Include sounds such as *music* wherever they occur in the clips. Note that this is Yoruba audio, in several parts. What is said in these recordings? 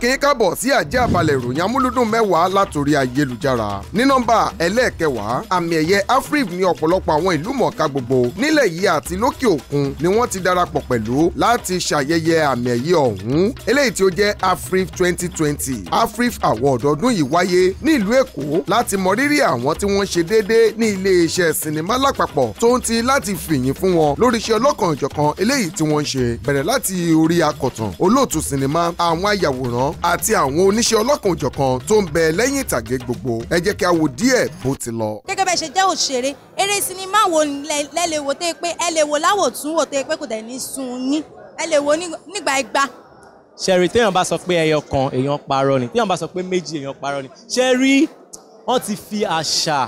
kí n kábọ̀ sí àjẹ́ àbálẹ̀ ìròyìn amúlùdùn mẹ́wàá látòrí ayélujára ní nọ́mbà ẹlẹ́ẹ̀kẹwàá àmì ẹ̀yẹ afrif ní ọ̀pọ̀lọpọ̀ àwọn ìlú mọ̀ọ́ká gbogbo nílẹ̀ yìí àti lókè òkun ni wọ́n ti darapọ̀ pẹ̀lú láti ṣàyẹyẹ àmì ẹ̀yẹ ọ̀hún eléyìí tí ó jẹ́ afrif 2020 afrif award ọdún yìí wáyé ní ìlú èkó láti mọrírì àwọn tí wọ́n ṣe déédé ní iléeṣẹ́ sinimá lápapọ̀ tó ń ti láti fìyìn fún wọn lóríṣẹ́ ọlọ́kan ìjọ̀kan ọ̀jọ̀gbọ́n àti àwọn oníṣẹ́ ọlọ́kan òjọ̀kan tó ń bẹ lẹ́yìn ìtàgé gbogbo ẹ jẹ́ kí a wo díẹ̀ bó ti lọ. gẹ́gẹ́ bẹ́ẹ̀ ṣe jẹ́ òṣèré eré sinimá wo lẹ́lẹ̀ wò tẹ́ pé ẹ lè wò láwòtún wò tẹ́ pé kò dẹ̀ ní sun yín ẹ lè wò nígbà igba ṣẹ́rí téèyàn bá sọ pé ẹyọ kan èèyàn parọ́ ni téèyàn bá sọ pé méjì èèyàn parọ́ ni ṣẹ́rí wọ́n ti fi àṣà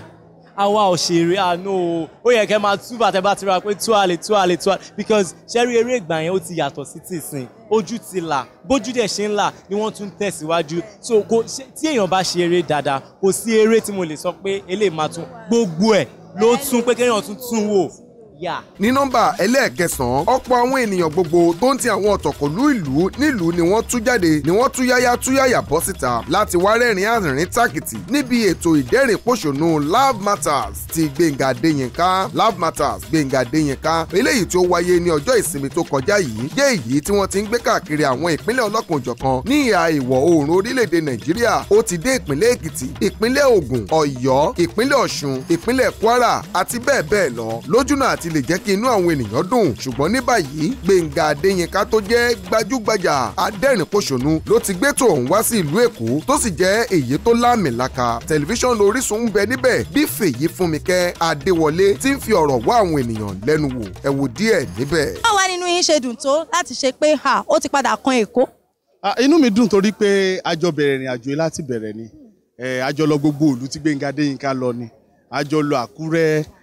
àwa òṣèré àánú o ó yẹ kẹ́ máa túbà tẹ́ bá ti ra pé tú àlè tú àlè tú àlè because ṣẹ́rí eré ìgbà yẹn ó ti yàtọ̀ sí tìsín ojú ti là bójú dẹ̀ ṣe ń là ni wọ́n tún tẹ̀síwájú so kò tí èèyàn bá ṣe eré dáadáa kò sí eré tí mo lè sọ pé eléyìí máa tún gbogbo ẹ̀ ló tún pé kéèyàn tún tún wò ní nọ́mbà ẹlẹ́ẹ̀kẹsàn-án ọ̀pọ̀ àwọn ènìyàn gbogbo tó ń ti àwọn ọ̀tọ̀kọ̀lú ìlú nílùú ni wọ́n tú jáde ni wọ́n tú yáyá tú yáyà bọ́ síta láti wá rẹ́rìn àrìnrín tàkìtì níbi ètò ìdẹ́rìn pòṣónú love matters ti gbẹ̀ngà adéyínká love matters gbẹ̀ngà adéyínká eléyìí tí ó wáyé ní ọjọ́ ìsinmi tó kọjá yìí jẹ́ èyí tí wọ́n ti ń gbé káàkiri àwọn ìpínlẹ̀ ọlọ́kanòjọ̀kan ní ìhà ìwọ̀ oòrùn orílẹ̀-èdè nàìjíríà ó ti dé ìpínlẹ̀ èkìtì ìpínlẹ̀ ògùn ọ̀yọ́ ìpínlẹ̀ ọ̀ṣun ìpínlẹ̀ kwara àti bẹ́ẹ̀ láti lè jẹ́ kí inú àwọn ènìyàn dùn ṣùgbọ́n ní báyìí Gbẹ̀ngà Adéyínká tó jẹ́ gbajúgbajà adẹ́rìnpòṣónú ló ti gbé tó ọ̀hún wá sí ìlú Èkó tó sì jẹ́ èyí tó láàmìlaka tẹlifíṣàn Orísun ń bẹ níbẹ̀ bí Fèyí Fúnmikẹ́ Adéwọlé ti ń fi ọ̀rọ̀ wá àwọn ènìyàn lẹ́nu wò ẹ wò díẹ̀ níbẹ̀. báwa nínú yín ṣe dùn tó láti ṣe pé ó ti padà kan Èkó. inú mi dùn torí pé a jọ bẹ̀rẹ̀ ìrìn àjò láti bẹ̀rẹ̀ ni a jọ lọ gbogbo ìlú tí Gbẹ̀ngà Adéyínká lọ ni a lọ Àkúrẹ́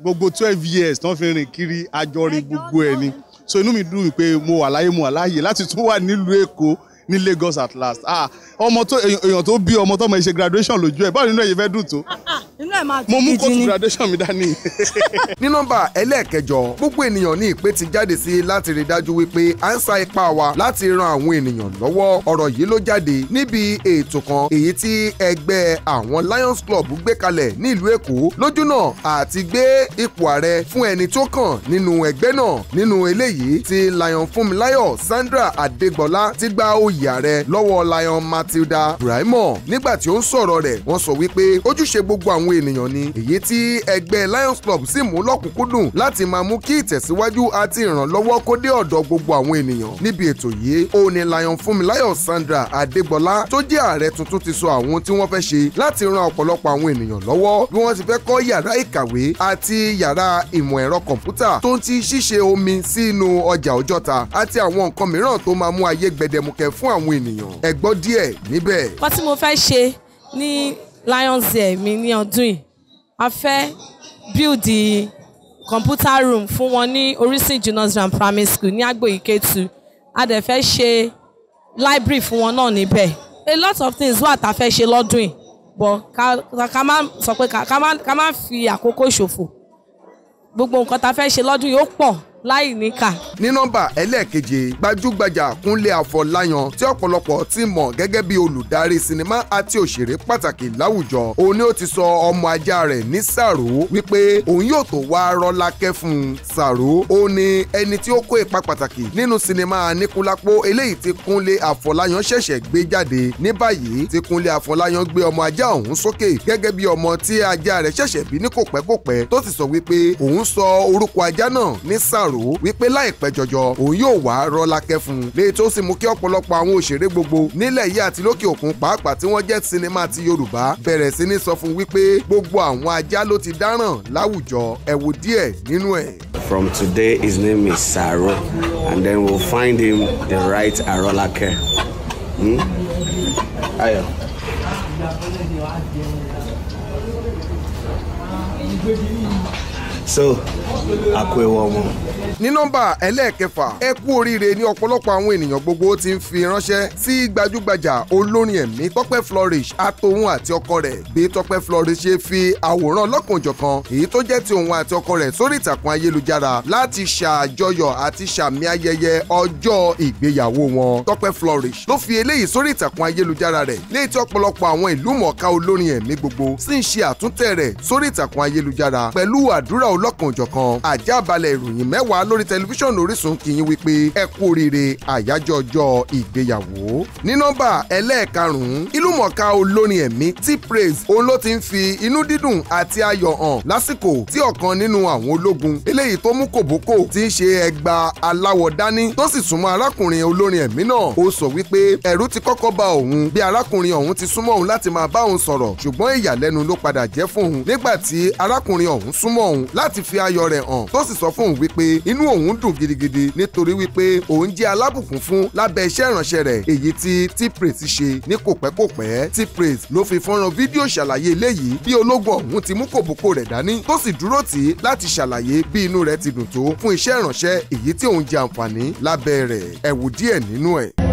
gbogbo twelve years tán fi rìn kiri àjọrin gbogbo ẹ ni so inú mi dùn pé mo wà láyé mo wà láàyè láti tún wà nílùú èkó ní Lagos at last ah ọmọ tó èèyàn tó bí ọmọ tọmọ ẹ ṣe graduation lójú ẹ báwo nínú ẹ̀yin fẹ́ dùn tó. *laughs* inú ẹ̀ máa ti mo mú kóòtù graduation mi dání. *laughs* ní nọ́mbà ẹlẹ́ẹ̀kẹjọ gbogbo ènìyàn ní ìpè ti jáde sí i láti rí dájú wípé à ń sa ipá wa láti ran àwọn ènìyàn lọ́wọ́ ọ̀rọ̀ yìí ló jáde níbi ètò kan èyí tí ẹgbẹ́ àwọn Lions Club gbé kalẹ̀ nílùú Èkó lójúnà àti gbé ipò ààrẹ fún ẹni tó kàn nínú ẹgbẹ́ náà nínú eléyìí tí Lion Fúnmiláyọ̀ Sandra Adégbọlá ti gba oyè ààrẹ lọ́wọ́ Lion Matilda Braimo nígbà tí ó ń sọ̀rọ̀ rẹ̀ wọ́n sọ wípé ojúṣe gbogbo àwọn àwọn ènìyàn ni èyí tí ẹgbẹ́ Lions Club sì mú lọ́kùnkúndùn láti máa mú kí ìtẹ̀síwájú àti ìrànlọ́wọ́ kó dé ọ̀dọ̀ gbogbo àwọn ènìyàn níbi ètò yìí òun ni Lion Fúnmiláyọ̀ Sandra Adégbọlá tó jẹ́ ààrẹ tuntun ti sọ àwọn tí wọ́n fẹ́ ṣe láti ran ọ̀pọ̀lọpọ̀ àwọn ènìyàn lọ́wọ́ bí wọ́n ti fẹ́ kọ́ yàrá ìkàwé àti yàrá ìmọ̀ ẹ̀rọ kọ̀ǹpútà tó ń ti ṣíṣe omi sínú ọjà Ọjọ́ta àti àwọn nǹkan mìíràn tó máa mú ayé gbẹdẹmukẹ fún àwọn ènìyàn ẹ díẹ̀ níbẹ̀. nǹkan tí mo fẹ́ ṣe ní lions air mi ní ọdún yìí a fẹ́ build computer room fún wọn ní Orísun Junior Primary School ní Agboiketu a dẹ̀ fẹ́ ṣe library fún wọn náà níbẹ̀ a lot of things wà tá a fẹ́ ṣe lọ́dún yìí but ká má sọ pé ká má fi àkókò ṣòfò gbogbo nǹkan tá a fẹ́ ṣe lọ́dún yìí ó pọ̀ láì níkà. ní nọ́mbà ẹlẹ́ẹ̀keje gbajúgbajà kúnlé àfọláyàn tí ọ̀pọ̀lọpọ̀ ti mọ̀ gẹ́gẹ́ bí olùdarí sinimá àti òṣèré pàtàkì láwùjọ òun ni ó ti sọ ọmọ ajá rẹ̀ ní sàrò wípé òun yóò tó wá rọ́lákẹ́ fún un sàrò ó ní ẹni tí ó kó ipa pàtàkì nínú sinimá níkúlápó eléyìí tí kúnlé àfọláyàn ṣẹ̀ṣẹ̀ gbé jáde ní báyìí tí kúnlé àfọláyàn gbé ọmọ ajá òun sókè gẹ́gẹ́ bí ọmọ tí ajá rẹ̀ ṣẹ̀ṣẹ̀ bí ní kòpẹ́kòpẹ́ tó sì sọ wípé òun sọ orúkọ ajá náà ní sàrò rò ó wípé láìpẹ́ jọjọ òun yóò wá rọ́lákẹ́ fún un léyìí sì mú kí ọ̀pọ̀lọpọ̀ àwọn òṣèré gbogbo nílẹ̀ yìí àti lókè òkun pàápàá tí wọ́n jẹ́ sinimá ti Yorùbá bẹ̀rẹ̀ sí ní sọ fún wípé gbogbo àwọn ajá ló ti dáràn láwùjọ ẹ wo díẹ̀ nínú ẹ̀. From today his name is Saro and then we'll find him the right Arolake. Hmm? Ayo so àkó ẹwọ ọmọ. ní nọ́mbà ẹlẹ́ẹ̀kẹfà ẹ kú oríire ní ọ̀pọ̀lọpọ̀ àwọn ènìyàn gbogbo ti ń fi ránṣẹ́ sí gbajúgbajà olórin ẹ̀mí tọ́pẹ́ flourish àtòun àti ọkọ rẹ̀ bí tọ́pẹ́ flourish ṣe fi àwòrán ọlọ́kanòjọ̀kan èyí tó jẹ́ ti òun àti ọkọ rẹ̀ sórí ìtàkùn ayélujára láti ṣàjọyọ̀ àti ṣàmì ayẹyẹ ọjọ́ ìgbéyàwó wọn tọ́pẹ́ flourish ló fi eléyìí sórí ìtàkùn ayélujára rẹ̀ léyìí tí ọ̀pọ̀lọpọ̀ àwọn ìlú mọ̀ọ́ká olórin ẹ̀mí gbogbo sì ń ṣe àtúntẹ̀ rẹ̀ sórí ìtàkùn ayélujára pẹ̀lú àdúrà ọlọ́kan òjọ̀kan àjá balẹ̀ ìròyìn mẹ́wàá lórí tẹlifíṣàn Orísun kì í wípé ẹ kú oríire àyájọ́ ọjọ́ ìgbéyàwó. ní nọ́mbà ẹlẹ́ẹ̀karùn-ún ìlúmọ̀ọ́ká olórin ẹ̀mí T-Praise òun ló ti ń fi inú dídùn àti ayọ̀ hàn lásìkò tí ọ̀kan nínú àwọn ológun eléyìí tó mú kòbókò ti ń ṣe ẹgba aláwọ̀ dání tó sì súnmọ́ arákùnrin olórin ẹ̀mí náà ó sọ wípé ẹ̀rù ti kọ́kọ́ ba òun bí arákùnrin ọ̀hún ti súnmọ́ òun láti máa bá òun sọ̀rọ̀ ṣùgbọ́n ìyàlẹ́nu ló padà jẹ́ fún òun nígbà tí arákùnrin ọ̀hún láti fi ayọ̀ rẹ̀ hàn tó sì sọ fún òun wípé inú òun dùn gidigidi nítorí wípé òun jẹ́ alábùkún fún lábẹ́ iṣẹ́ ìránṣẹ́ rẹ̀ èyí tí T-Praise ṣe ní kò pẹ́ kò pẹ́ T-Praise ló fi fọ́nrán fídíò ṣàlàyé eléyìí bí ológun ọ̀hún ti mú kòbókò rẹ̀ dání tó sì dúró tì í láti ṣàlàyé bí inú rẹ̀ ti dùn tó fún iṣẹ́ ìránṣẹ́ èyí tí òun jẹ àǹfààní lábẹ́ rẹ̀ ẹ díẹ̀ nínú ẹ̀.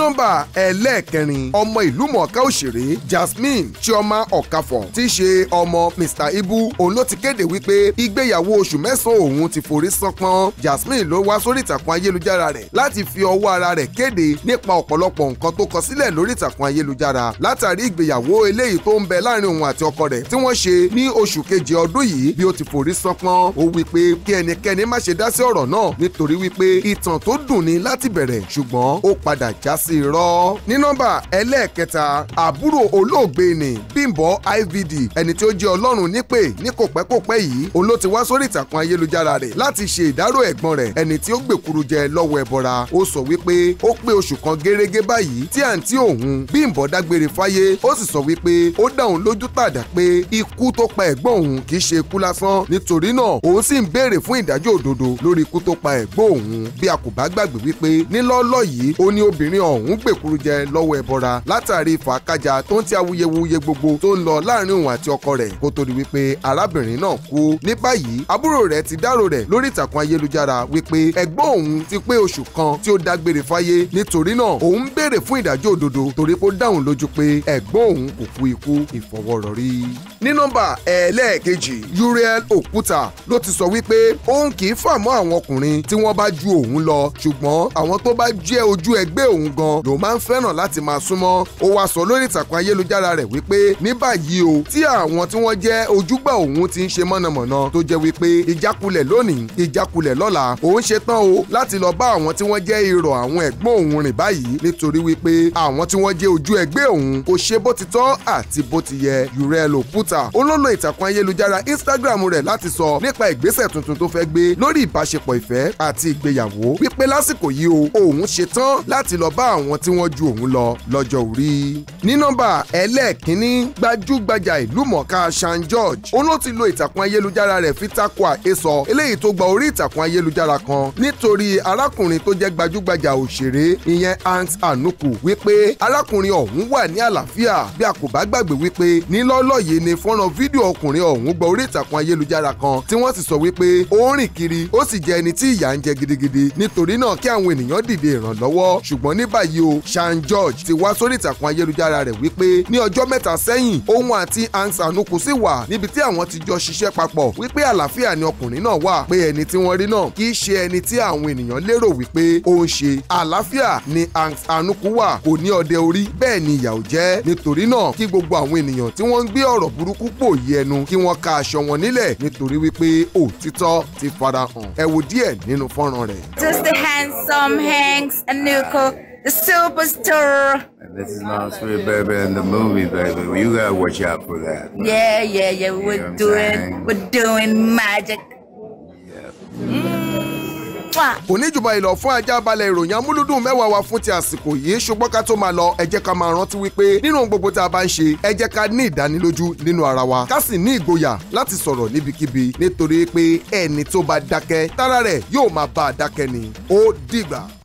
nọ́mbà ẹlẹ́ẹ̀kẹrin ọmọ ìlú mọ̀ọ́ká òṣèré Jasmine Chioma Ọ̀kafọ̀ tí í ṣe ọmọ Mr Ibu òun ló ti kéde wípé ìgbéyàwó oṣù mẹ́sàn-án òun ti forí sánpọ́n Jasmine ló wá sórí ìtàkùn ayélujára rẹ̀ láti fi ọwọ́ ara rẹ̀ kéde nípa ọ̀pọ̀lọpọ̀ nǹkan tó kọ sílẹ̀ lórí ìtàkùn ayélujára látàrí ìgbéyàwó eléyìí tó ń bẹ láàrin òun àti ọkọ rẹ̀ tí wọ́n ṣe ní oṣù keje ọdún yìí bí ó ti forí sánpọ́n ó wí pé kí ẹnikẹ́ni má ṣe dá sí ọ̀rọ̀ náà nítorí wípé ìtàn tó dùn ni láti bẹ̀rẹ̀ ṣùgbọ́n ó padà já sí sì rọ. ní nọ́mbà ẹlẹ́ẹ̀kẹta àbúrò olóògbé ni Bímbọ́ IVD ẹni tí ó jẹ́ ọlọ́run nípè ní kò pẹ́ kò pẹ́ yìí òun ló ti wá sórí ìtàkùn ayélujára rẹ̀ láti ṣe ìdárò ẹ̀gbọ́n rẹ̀ ẹni tí ó gbèkuru jẹ lọ́wọ́ ẹ̀bọra ó sọ wípé ó pé oṣù kan gẹ́rẹ́gẹ́ báyìí tí àǹtí òun Bímbọ́ dágbére fáyé ó sì sọ wípé ó dá òun lójú tàdá pé ikú tó pa ẹ̀gbọ́n òun kì í ṣe ikú lásán nítorí náà òun sì ń béèrè fún ìdájọ́ òdodo lórí ikú tó pa ẹ̀gbọ́n òun bí a kò bá gbàgbé wípé nílọ́lọ́ yìí ó ní obìnrin ọ̀hún ọ̀hún gbèkúrú jẹ lọ́wọ́ ẹbọra látàrí fàákàjà tó ń ti awuyewuye gbogbo tó ń lọ láàrin òun àti ọkọ rẹ̀ kó tó di wípé arábìnrin náà kú ní báyìí àbúrò rẹ̀ ti dárò rẹ̀ lórí ìtàkùn ayélujára wípé ẹ̀gbọ́n òun ti pé oṣù kan tí ó dágbére fáyé nítorí náà òun béèrè fún ìdájọ́ òdodo torí pé dáhùn lójú pé ẹ̀gbọ́n òun kò kú ikú ìfọwọ́rọ̀rí. ní nọ́mbà ẹlẹ́ẹ̀kejì Uriel Okuta ló ti sọ wípé òun kì í fà mọ́ àwọn ọkùnrin tí wọ́n bá ju òun lọ ṣùgbọ́n àwọn tó bá jẹ́ ojú ẹgbẹ́ òun gan wọn lòun máa ń fẹ́ràn láti máa súnmọ́ ó wá sọ lórí ìtàkùn ayélujára rẹ̀ wípé ní báyìí o tí àwọn tí wọ́n jẹ́ ojúgbà òun ti ń ṣe mọ̀nàmọ́ná tó jẹ́ wípé ìjákulẹ̀ lónìí ìjákulẹ̀ lọ́la òun ṣe tán o láti lọ bá àwọn tí wọ́n jẹ́ irọ̀ àwọn ẹ̀gbọ́n òun rìn báyìí nítorí wípé àwọn tí wọ́n jẹ́ ojú ẹgbẹ́ òun kò ṣe bó ti tọ́ àti bó ti yẹ Urel Oputa ó ló lo ìtàkùn ayélujára Instagram rẹ̀ láti sọ nípa ìgbésẹ̀ tuntun tó fẹ́ gbé lórí ìbáṣepọ̀ ìfẹ́ àti ìgbéyàwó wípé lásìkò yìí o òun ṣe tán láti lọ bá àwọn tí wọ́n ju òun lọ lọ́jọ́ orí. ní nọ́mbà ẹlẹ́ẹ̀kínní gbajúgbajà ìlú mọ̀ọ́ká Sean George òun ló ti lo ìtàkùn ayélujára rẹ̀ fi tako àhesọ eléyìí tó gba orí ìtàkùn ayélujára kan nítorí arákùnrin tó jẹ́ gbajúgbajà òṣèré ìyẹn Aunt Anuku wípé arákùnrin ọ̀hún wà ní àlàáfíà bí a kò bá gbàgbé wípé nílọ́lọ́ yìí ni fọ́nrán fídíò ọkùnrin ọ̀hún gba orí ìtàkùn ayélujára kan tí wọ́n sì sọ wípé ó rìn kiri ó sì jẹ ẹni tí ìyà ń jẹ gidigidi nítorí náà kí àwọn ènìyàn dìde ìrànlọ́wọ́ ṣùgbọ́n ní báyìí báyìí o Sean George ti wá sórí ìtàkùn ayélujára rẹ̀ wípé ní ọjọ́ mẹ́ta sẹ́yìn òun àti Hank Sanuku sì wà níbi tí àwọn ti jọ ṣiṣẹ́ papọ̀ wípé àlàáfíà ni ọkùnrin náà wà pé ẹni tí wọ́n rí náà kì í ṣe ẹni tí àwọn ènìyàn lérò wípé ó ń ṣe àlàáfíà ni Hank Sanuku wà kò ní ọdẹ orí bẹ́ẹ̀ ni ìyà ò nítorí náà kí gbogbo àwọn ènìyàn tí wọ́n ń gbé ọ̀rọ̀ burúkú pòyì ẹnu kí wọ́n ka aṣọ wọn nílẹ̀ nítorí wípé òtítọ́ ti farahàn ẹ wo díẹ̀ nínú fọ́nrán rẹ̀. Just the handsome Hank Sanuku the superstar. This is not sweet baby in the movie, baby. Well, you gotta watch out for that. Bro. Yeah, yeah, yeah. You we're doing, we're doing magic. kò ní jùbọ ìlọ fún ajá balẹ̀ ìròyìn amúlùdùn mẹ́wàá wa fún ti àsìkò yìí ṣùgbọ́n ká tó máa lọ ẹ jẹ́ ká máa rántí wípé nínú gbogbo tá a bá ń ṣe ẹ jẹ́ ká ní ìdánilójú nínú ara wa ká sì ní ìgboyà láti sọ̀rọ̀ níbikíbi nítorí pé ẹni tó bá dákẹ́ tára rẹ̀ yóò máa bá a dákẹ́ ni ó dìgbà.